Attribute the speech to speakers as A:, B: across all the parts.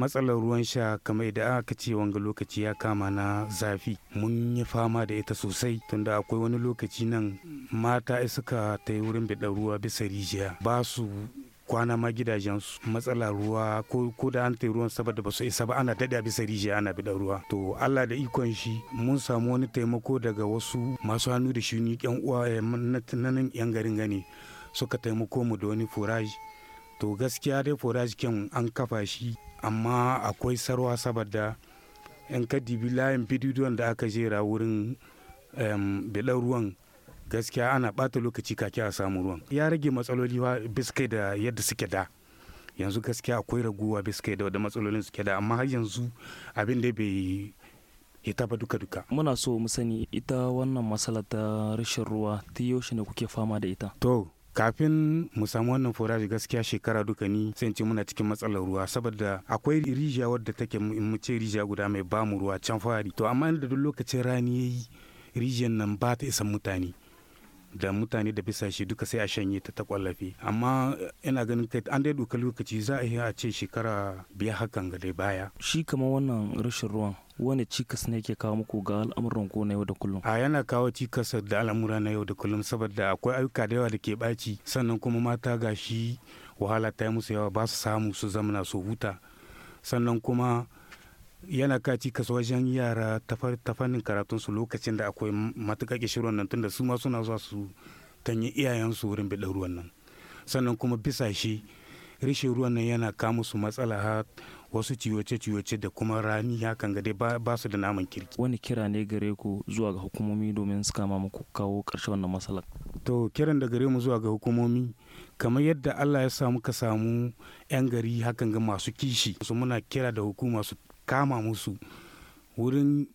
A: matsalar ruwan sha kamar da aka ce wanga lokaci ya kama na zafi mun yi fama da ita sosai tunda akwai wani lokaci nan mata suka ta yi wurin biɗa ruwa bisa rijiya ba su kwana ma gidajensu matsala ruwa ko da an tai ruwan saboda ba su isa ba ana dada bisa rijiya ana biɗa ruwa to Allah da ikon shi mun samu wani taimako daga wasu masu hannu da shuni yan uwa eh, na nan yan garin gani suka taimako mu da wani furaji to gaskiya dai furaji kyan an kafa shi amma akwai sarwa saboda yan ka dibi layin bidiyon da aka jera wurin bilar ruwan gaskiya ana bata lokaci kake a samu ruwan ya rage matsaloli biskai da yadda suke da yanzu gaskiya akwai raguwa biskai da wadda matsalolin suke da amma har yanzu abin da bai ita ba duka-duka. Muna so mu sani ita wannan matsala ta rashin ruwa ta yaushe ne kuke fama da ita. To, kafin mu samu wannan foraji gaskiya shekara duka ni sai ce muna cikin matsalar ruwa saboda akwai rijiya wadda take in mu ce rijiya guda mai bamu ruwa can fari to amma da duk lokacin rani yayi rijiyar nan ba ta isan mutane da mutane da bisa shi duka sai a shanye ta ta kwallafi amma ina ganin kai an dai doka lokaci za a yi a ce shekara biya hakan ga dai baya shi kamar wannan rashin ruwan wani cikas ne ke kawo muku ga al'amuran ko na yau da kullum a yana kawo cikas da al'amura na yau da kullum saboda akwai ayyuka da yawa da ke baci sannan kuma mata gashi wahala ta yi musu yawa ba su samu su zamana su huta sannan kuma yana kaci kasu wajen yara ta fannin karatunsu lokacin da akwai matuƙa ƙishirwan nan tunda su ma suna zuwa su tanyi iyayensu wurin biɗa ruwan nan sannan kuma bisa shi rishe ruwan nan yana kama su matsala ha wasu ciwoce-ciwoce da kuma rani hakan ga dai ba su da naman kirki wani kira ne gare ku zuwa ga hukumomi domin su kama muku kawo ƙarshen wannan matsalar to kiran da gare mu zuwa ga hukumomi kamar yadda allah ya samu ka samu 'yan gari hakan ga masu kishi su muna kira da hukuma su kama musu wurin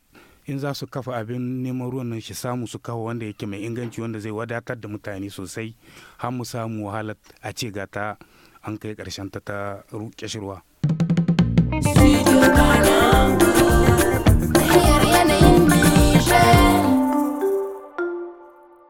A: in za su kafa abin neman ruwan nan shi samu su kawo wanda yake mai inganci wanda zai wadatar da mutane sosai har mu samu wahala a ce ga ta an kai karshen ta ta ruke shirwa.